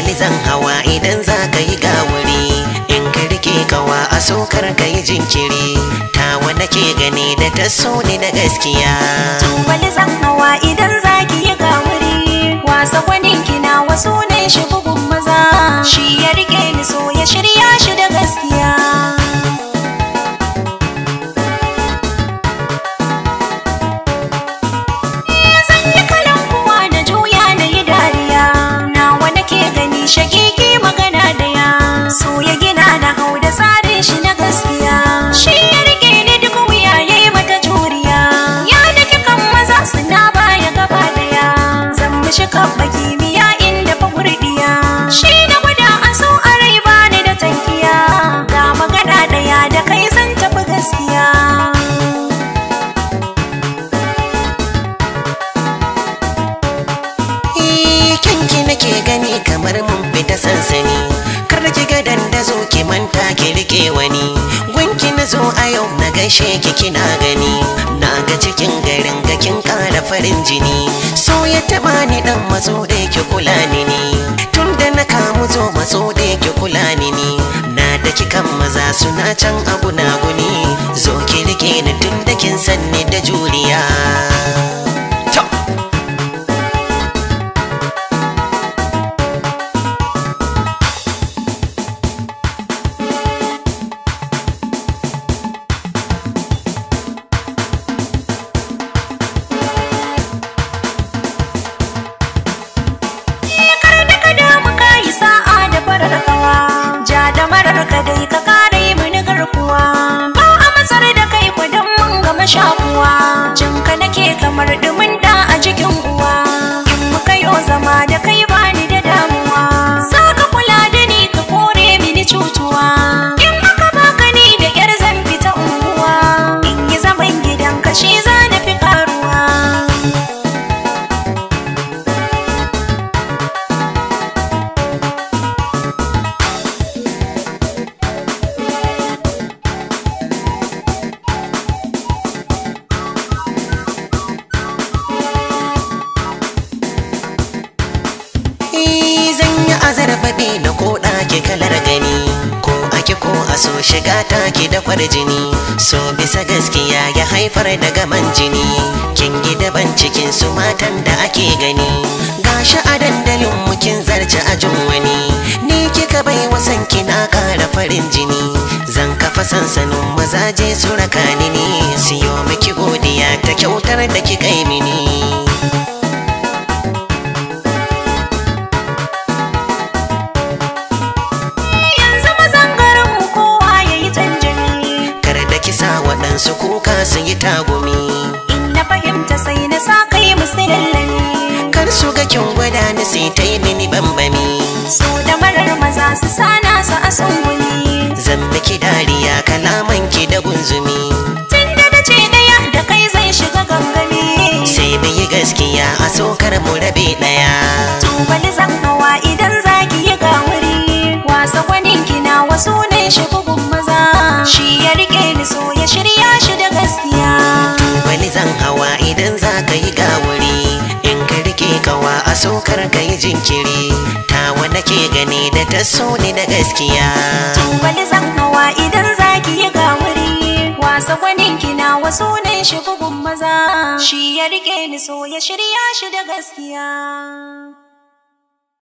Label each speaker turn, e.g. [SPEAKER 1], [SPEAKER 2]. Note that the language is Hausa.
[SPEAKER 1] wani zan hawa idan za ka yi gawuri in ka rike kawa a sokar ka yi jinkiri tawa nake gani da ta so ne na gaskiya shaking kyanki nake gani kamar mun fita sansani kar ki ga dandazo ki manta ki rike wani gunki na zo a yau na gaishe ki kina gani na ga cikin garin ga kin kara farin jini so ya taba ni dan mazo da ki kula ni ni tun da na kamu zo mazo da ki kula ni ni na da kan maza suna can a na guni zo ki rike ni tun da kin sanni da juriya
[SPEAKER 2] do dumin da
[SPEAKER 1] zarfaɗi da ko ɗaki kalar gani ko ake ko a so shiga taki da kwar jini so bisa gaskiya ya haifar da gaman jini kin daban cikin su matan da ake gani gashi a dandalin mukin zarce a jin wani ni kika bai wasan kina ƙara farin jini zan kafa sansanin mazaje su raka ni ne siyo miki godiya ta kyautar da kika yi mini su kuka su yi tagumi in fahimta sai na sa kai musu lallani. kar su ga kin gwada ni sai ta yi mini bambami so da marar maza su sana su a sungumi zan miki dariya kalaman ki da gunzumi tun daga ce daya da kai zai shiga gangami sai mu yi gaskiya a sokar mu rabe daya tubali zan hawa idan za ki yi ga wuri wasa
[SPEAKER 2] gwanin kina wasu ne shi bugun maza shi ya rike ni so ya shirya
[SPEAKER 1] kar ka yi jinkiri tawa nake gani da ta so ni da gaskiya tumbali zan hawa
[SPEAKER 2] idan zaki yi ga wuri wasa gwanin kina wasu ne shi bugun maza shi ya rike ni so ya shirya shi da gaskiya